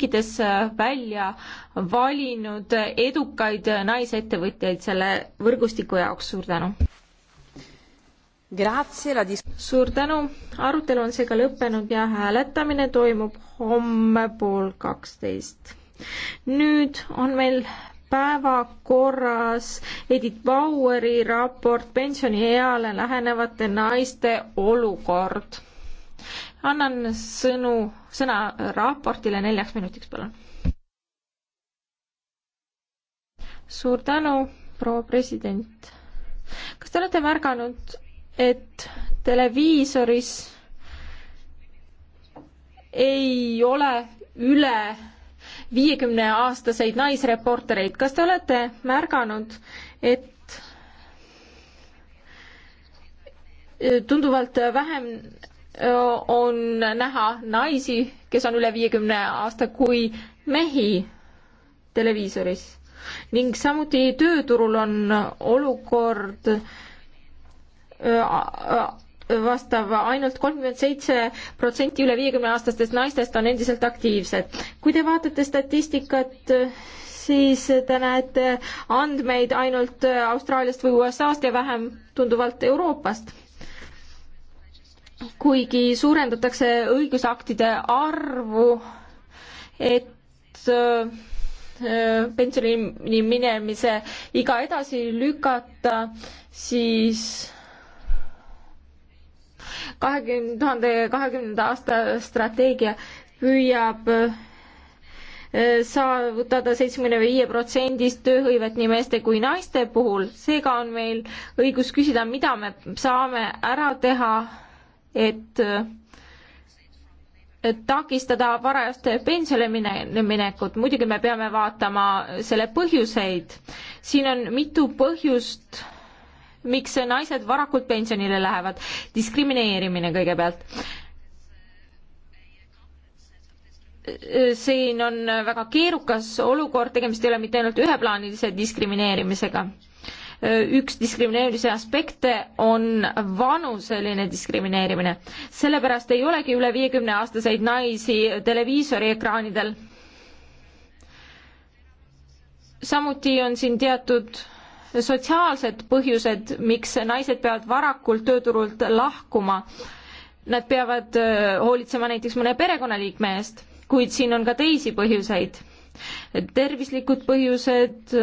riikides äh, välja valinud edukaid naisettevõtjaid selle võrgustiku jaoks, suur tänu! suur tänu, arutelu on seega lõppenud ja hääletamine toimub homme pool kaksteist. nüüd on meil päevakorras Edith Baueri raport pensionieale lähenevate naiste olukord annan sõnu, sõna raportile neljaks minutiks, palun. suur tänu, proua president. kas te olete märganud, et televiisoris ei ole üle viiekümneaastaseid naisreportereid, kas te olete märganud, et tunduvalt vähem on näha naisi, kes on üle viiekümne aasta kui mehi televiisoris ning samuti tööturul on olukord äh, vastav ainult kolmkümmend seitse protsenti üle viiekümne aastastest naistest on endiselt aktiivsed. kui te vaatate statistikat, siis te näete andmeid ainult Austraaliast või USA-st ja vähem tunduvalt Euroopast kuigi suurendatakse õigusaktide arvu, et äh, pensionini minemise iga edasi lükata, siis kahekümne tuhande kahekümnenda aasta strateegia püüab äh, saavutada seitsmekümne viie protsendist tööhõivet nii meeste kui naiste puhul, seega on meil õigus küsida, mida me saame ära teha et et takistada varast pensionile mine-, minekut, muidugi me peame vaatama selle põhjuseid. siin on mitu põhjust, miks naised varakult pensionile lähevad, diskrimineerimine kõigepealt. siin on väga keerukas olukord, tegemist ei ole mitte ainult üheplaanilise diskrimineerimisega üks diskrimineerimise aspekte on vanuseline diskrimineerimine. sellepärast ei olegi üle viiekümne aastaseid naisi televiisori ekraanidel. samuti on siin teatud sotsiaalsed põhjused, miks naised peavad varakult tööturult lahkuma. Nad peavad äh, hoolitsema näiteks mõne perekonnaliikme eest, kuid siin on ka teisi põhjuseid. tervislikud põhjused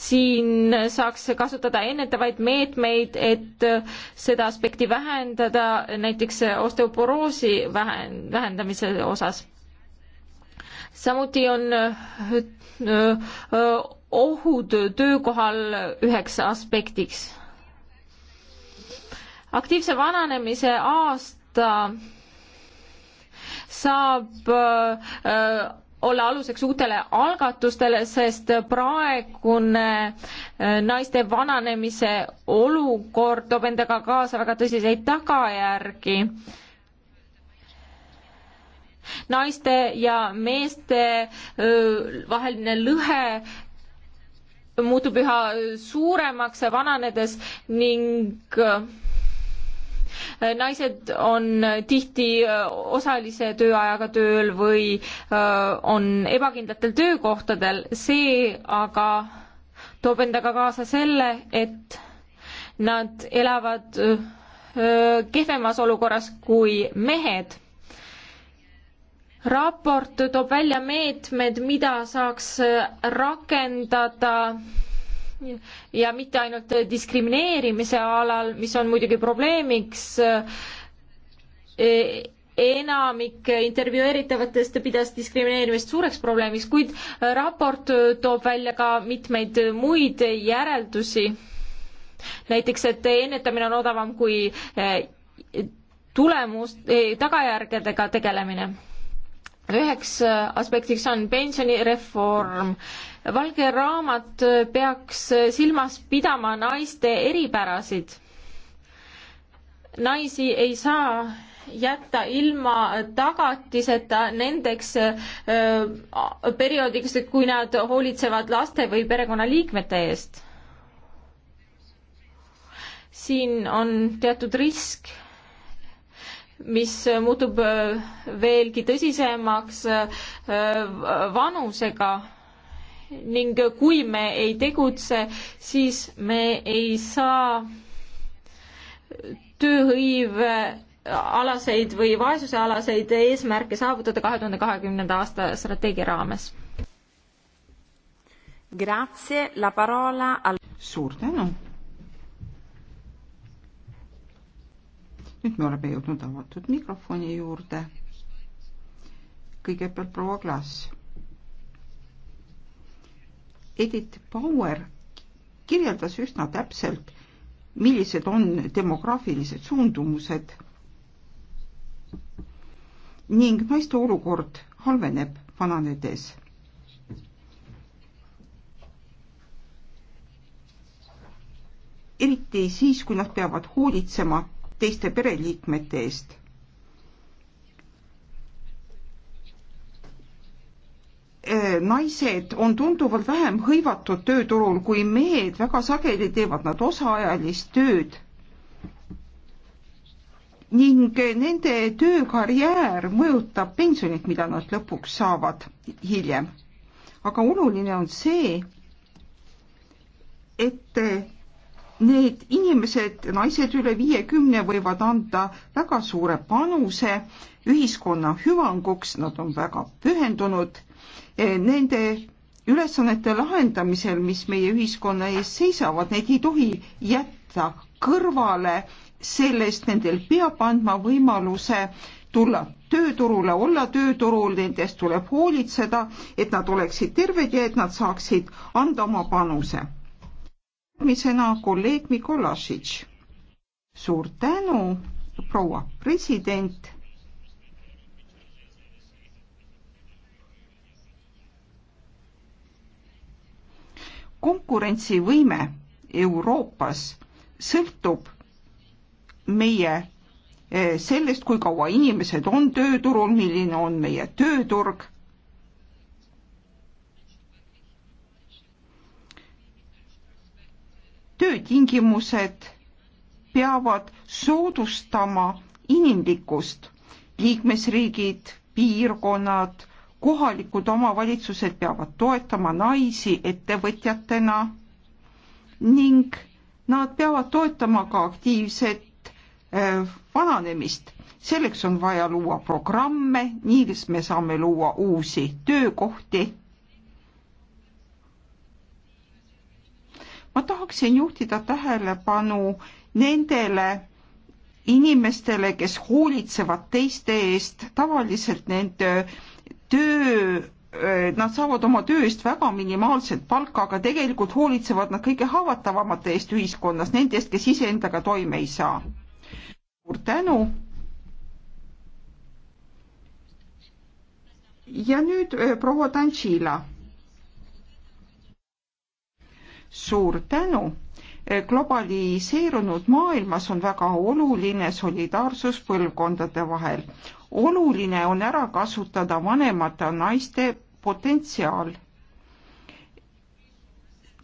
siin saaks kasutada ennetavaid meetmeid, et seda aspekti vähendada, näiteks osteoporoosi vähen-, vähendamise osas. samuti on ohud töökohal üheks aspektiks. aktiivse vananemise aasta saab olla aluseks uutele algatustele, sest praegune äh, naiste vananemise olukord toob endaga kaasa väga tõsiseid tagajärgi. naiste ja meeste äh, vaheline lõhe muutub üha suuremaks vananedes ning äh, naised on tihti äh, osalise tööajaga tööl või äh, on ebakindlatel töökohtadel, see aga toob endaga kaasa selle, et nad elavad äh, kehvemas olukorras kui mehed. raport toob välja meetmed, mida saaks rakendada ja mitte ainult diskrimineerimise alal, mis on muidugi probleemiks. Eh, enamik intervjueeritavatest pidas diskrimineerimist suureks probleemiks, kuid raport toob välja ka mitmeid muid järeldusi. näiteks, et ennetamine on odavam kui eh, tulemus, eh, tagajärgedega tegelemine üheks äh, aspektiks on pensionireform. valge raamat äh, peaks äh, silmas pidama naiste eripärasid. naisi ei saa jätta ilma tagatiseta nendeks perioodiks, kui nad hoolitsevad laste või perekonnaliikmete eest. siin on teatud risk mis muutub äh, veelgi tõsisemaks äh, vanusega ning kui me ei tegutse, siis me ei saa tööhõive äh, alaseid või vaesusealaseid eesmärke saavutada kahe tuhande kahekümnenda aasta strateegia raames. Grazie, la parola al-. suur tänu nüüd me oleme jõudnud avatud mikrofoni juurde. kõigepealt proua Klaas. Edith Bauer kirjeldas üsna täpselt, millised on demograafilised suundumused ning naiste olukord halveneb vananedes. eriti siis, kui nad peavad hoolitsema teiste pereliikmete eest. Äh, naised on tunduvalt vähem hõivatud tööturul kui mehed, väga sageli teevad nad osaajalist tööd ning nende töökarjäär mõjutab pensionit, mida nad lõpuks saavad hiljem. aga oluline on see, et need inimesed, naised üle viiekümne võivad anda väga suure panuse ühiskonna hüvanguks, nad on väga pühendunud eh, nende ülesannete lahendamisel, mis meie ühiskonna ees seisavad, neid ei tohi jätta kõrvale sellest, nendel peab andma võimaluse tulla tööturule, olla tööturul, nendest tuleb hoolitseda, et nad oleksid terved ja et nad saaksid anda oma panuse järgmisena kolleeg Mikolašič. suur tänu, proua president. konkurentsivõime Euroopas sõltub meie eh, sellest, kui kaua inimesed on tööturul, milline on meie tööturg töötingimused peavad soodustama inimlikkust. liikmesriigid, piirkonnad, kohalikud omavalitsused peavad toetama naisi ettevõtjatena ning nad peavad toetama ka aktiivset äh, vananemist. selleks on vaja luua programme, nii me saame luua uusi töökohti ma tahaksin juhtida tähelepanu nendele inimestele, kes hoolitsevad teiste eest, tavaliselt nende töö eh, Nad saavad oma töö eest väga minimaalset palka, aga tegelikult hoolitsevad nad kõige haavatavamate eest ühiskonnas, nende eest, kes iseendaga toime ei saa. suur tänu. ja nüüd eh, proua Tantšila suur tänu! globaliseerunud maailmas on väga oluline solidaarsus põlvkondade vahel. oluline on ära kasutada vanemate naiste potentsiaal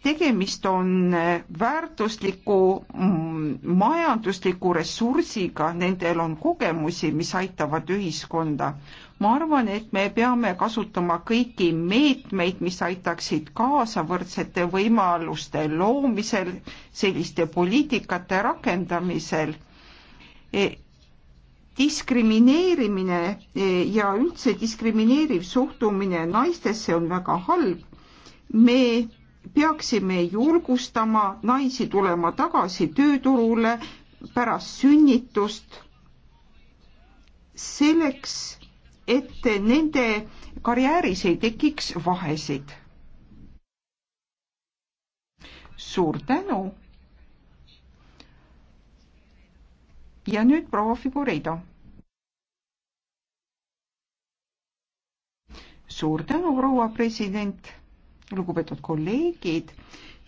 tegemist on eh, väärtusliku mm, majandusliku ressursiga, nendel on kogemusi, mis aitavad ühiskonda. ma arvan, et me peame kasutama kõiki meetmeid, mis aitaksid kaasa võrdsete võimaluste loomisel, selliste poliitikate rakendamisel e, diskrimineerimine e, ja üldse diskrimineeriv suhtumine naistesse on väga halb. me peaksime julgustama naisi tulema tagasi tööturule pärast sünnitust selleks, et nende karjääris ei tekiks vahesid. suur tänu. ja nüüd proua Figureido. suur tänu, proua president lugupeetud kolleegid,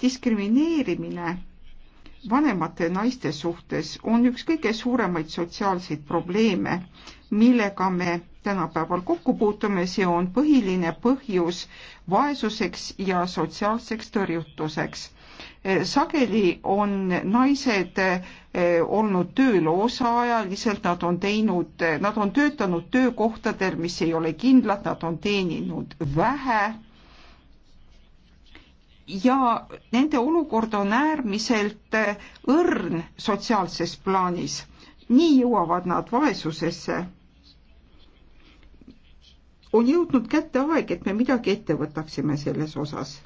diskrimineerimine vanemate naiste suhtes on üks kõige suuremaid sotsiaalseid probleeme, millega me tänapäeval kokku puutume, see on põhiline põhjus vaesuseks ja sotsiaalseks tõrjutuseks. sageli on naised eh, olnud tööl osaajaliselt, nad on teinud, nad on töötanud töökohtadel, mis ei ole kindlad, nad on teeninud vähe ja nende olukord on äärmiselt eh, õrn sotsiaalses plaanis. nii jõuavad nad vaesusesse. on jõudnud kätte aeg, et me midagi ette võtaksime selles osas.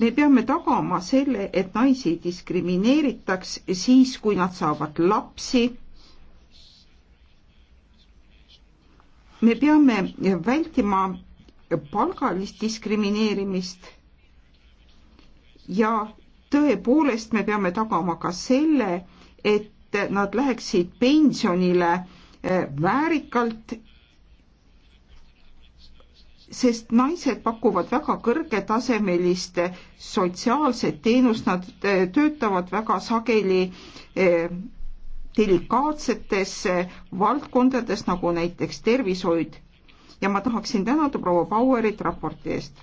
me peame tagama selle, et naisi diskrimineeritaks siis, kui nad saavad lapsi. me peame vältima palgalist diskrimineerimist ja tõepoolest me peame tagama ka selle, et nad läheksid pensionile eh, väärikalt, sest naised pakuvad väga kõrgetasemelist sotsiaalset teenust, nad eh, töötavad väga sageli eh, delikaatsetes valdkondades, nagu näiteks tervishoid ja ma tahaksin tänada proua Bauerit raporti eest.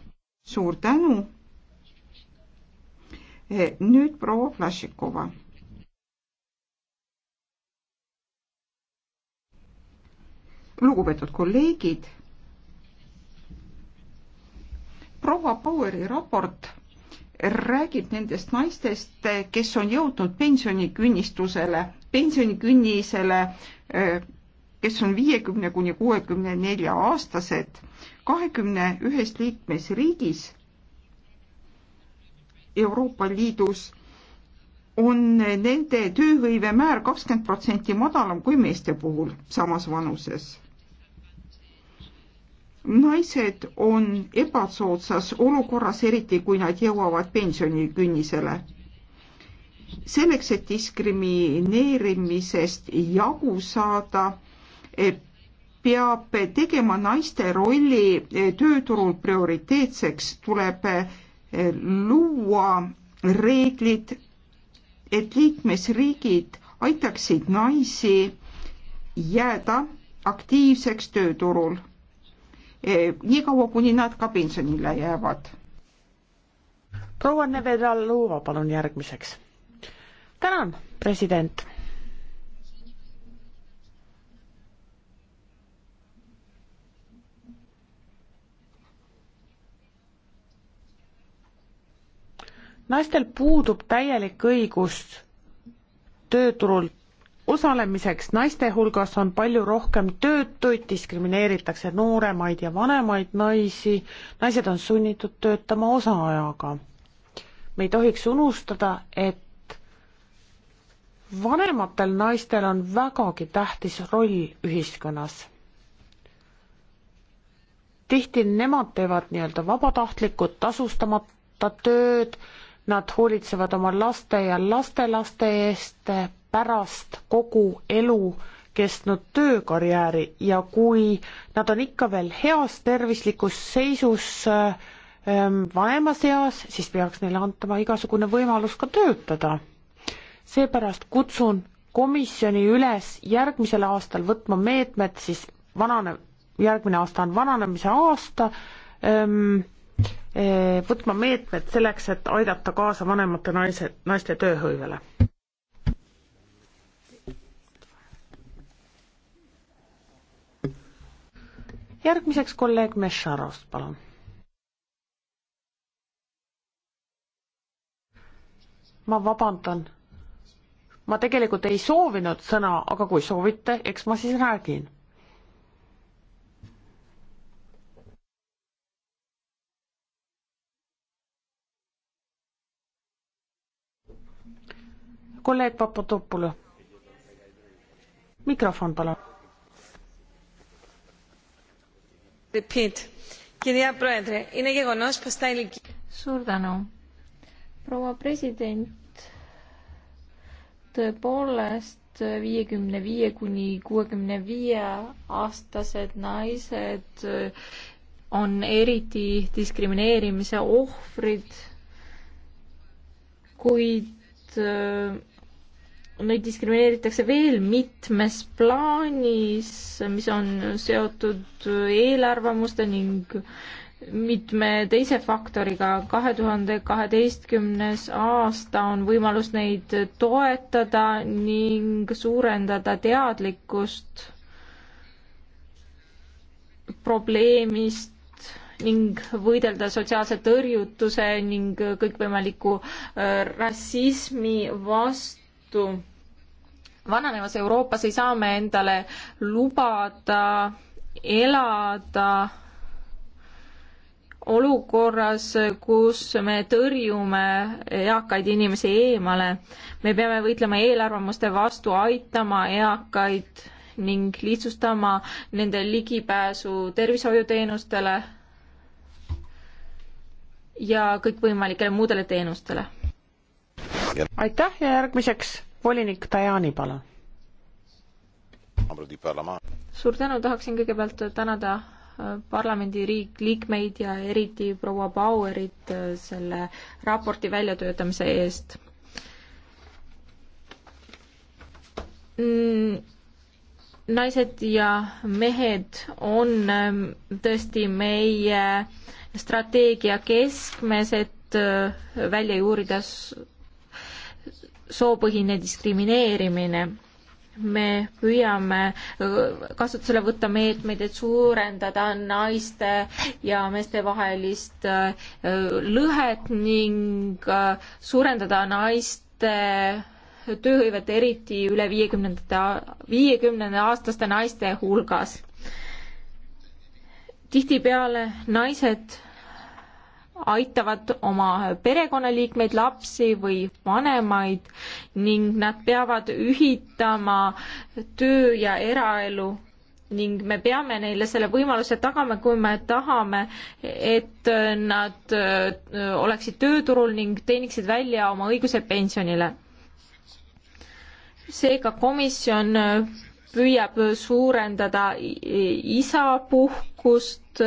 suur tänu. Eh, nüüd proua Flašikova. lugupeetud kolleegid. proua Baueri raport räägib nendest naistest, kes on jõudnud pensionikünnistusele, pensionikünnisele eh, kes on viiekümne kuni kuuekümne nelja aastased kahekümne ühes liikmesriigis Euroopa Liidus on nende tööhõive määr kakskümmend protsenti madalam kui meeste puhul samas vanuses. naised on ebasoodsas olukorras, eriti kui nad jõuavad pensionikünnisele. selleks, et diskrimineerimisest jagu saada peab tegema naiste rolli eh, tööturul prioriteetseks, tuleb eh, luua reeglid, et liikmesriigid aitaksid naisi jääda aktiivseks tööturul eh, niikaua, kuni nad ka pensionile jäävad. proua Nevedal Luuva, palun järgmiseks. tänan, president naistel puudub täielik õigus tööturul osalemiseks, naiste hulgas on palju rohkem töötuid, diskrimineeritakse nooremaid ja vanemaid naisi, naised on sunnitud töötama osaajaga. me ei tohiks unustada, et vanematel naistel on vägagi tähtis roll ühiskonnas tihti nemad teevad nii-öelda vabatahtlikud tasustamata tööd, nad hoolitsevad oma laste ja lastelaste eest pärast kogu elu kestnud töökarjääri ja kui nad on ikka veel heas tervislikus seisus ähm, vanemas eas, siis peaks neile antama igasugune võimalus ka töötada. seepärast kutsun komisjoni üles järgmisel aastal võtma meetmed siis vanane, järgmine aasta on vananemise aasta, ähm, Eh, võtma meetmed selleks, et aidata kaasa vanemate naise, naiste tööhõivele? järgmiseks kolleeg Mešarost, palun. ma vabandan. ma tegelikult ei soovinud sõna, aga kui soovite, eks ma siis räägin kolleeg Papadopoulou. mikrofon, palun. suur tänu. proua president, tõepoolest viiekümne viie kuni kuuekümne viie aastased naised on eriti diskrimineerimise ohvrid, kuid neid diskrimineeritakse veel mitmes plaanis, mis on seotud eelarvamuste ning mitme teise faktoriga. kahe tuhande kaheteistkümnes aasta on võimalus neid toetada ning suurendada teadlikkust probleemist ning võidelda sotsiaalse tõrjutuse ning kõikvõimaliku äh, rassismi vastu vananevas Euroopas ei saa me endale lubada elada olukorras, kus me tõrjume eakaid inimesi eemale. me peame võitlema eelarvamuste vastu, aitama eakaid ning lihtsustama nende ligipääsu tervishoiuteenustele ja kõikvõimalikele muudele teenustele. aitäh ja järgmiseks volinik Tajani, palun. suur tänu, tahaksin kõigepealt tänada äh, parlamendi riik, liikmeid ja eriti proua Bauerit äh, selle raporti väljatöötamise eest mm naised ja mehed on ähm, tõesti meie strateegia keskmes, et äh, välja juurida soopõhine diskrimineerimine. me püüame äh, kasutusele võtta meetmeid, et suurendada naiste ja meeste vahelist äh, lõhet ning äh, suurendada naiste tööhõivet eriti üle viiekümnendate, viiekümnenda aastaste naiste hulgas. tihtipeale naised aitavad oma perekonnaliikmeid, lapsi või vanemaid ning nad peavad ühitama töö ja eraelu ning me peame neile selle võimaluse tagama, kui me tahame, et nad äh, oleksid tööturul ning teeniksid välja oma õiguse pensionile. seega komisjon äh, püüab suurendada isapuhkust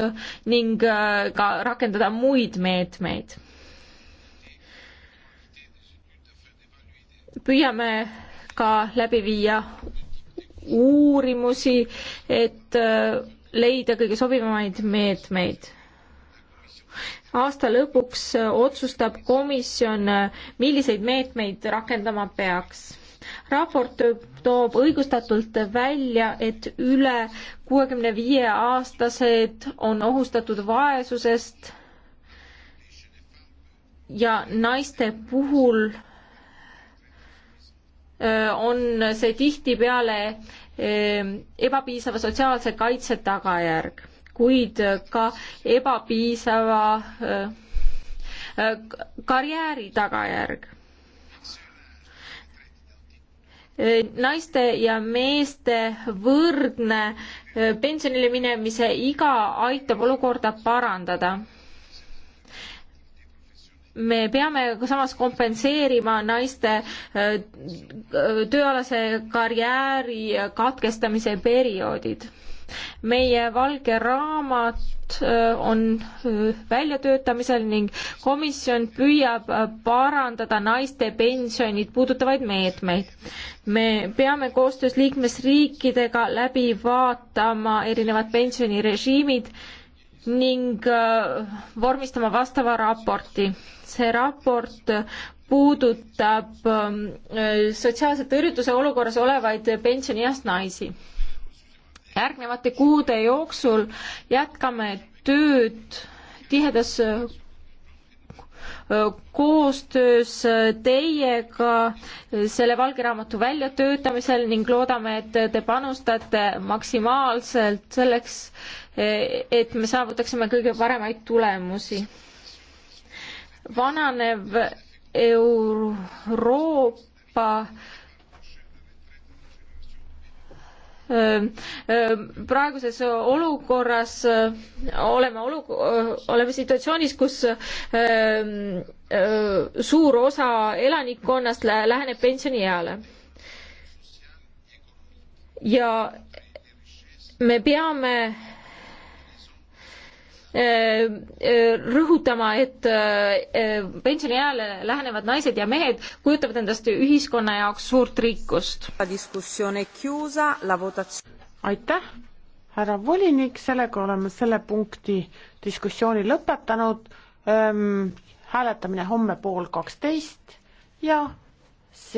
ning äh, ka rakendada muid meetmeid. püüame ka läbi viia uurimusi, et äh, leida kõige sobivamaid meetmeid aasta lõpuks otsustab komisjon, äh, milliseid meetmeid rakendama peaks raport toob õigustatult välja, et üle kuuekümne viie aastased on ohustatud vaesusest ja naiste puhul on see tihtipeale ebapiisava sotsiaalse kaitse tagajärg, kuid ka ebapiisava karjääri tagajärg naiste ja meeste võrdne eh, pensionile minemise iga aitab olukorda parandada. me peame samas kompenseerima naiste eh, tööalase karjääri katkestamise perioodid meie valge raamat äh, on äh, väljatöötamisel ning komisjon püüab äh, parandada naiste pensionid puudutavaid meetmeid. me peame koostöös liikmesriikidega läbi vaatama erinevad pensionirežiimid ning vormistama vastava raporti. see raport puudutab ähm, sotsiaalse tõrjutuse olukorras olevaid pensionieas naisi järgnevate kuude jooksul jätkame tööd tihedas koostöös teiega selle valge raamatu väljatöötamisel ning loodame, et te panustate maksimaalselt selleks, e, et me saavutaksime kõige paremaid tulemusi. vananev Euroopa praeguses olukorras oleme olu-, oleme situatsioonis, kus suur osa elanikkonnast läheneb pensionieale. ja me peame rõhutama, et äh, pensionieale lähenevad naised ja mehed kujutavad endast ühiskonna jaoks suurt rikkust. aitäh, härra volinik, sellega oleme selle punkti diskussiooni lõpetanud. hääletamine homme pool kaksteist ja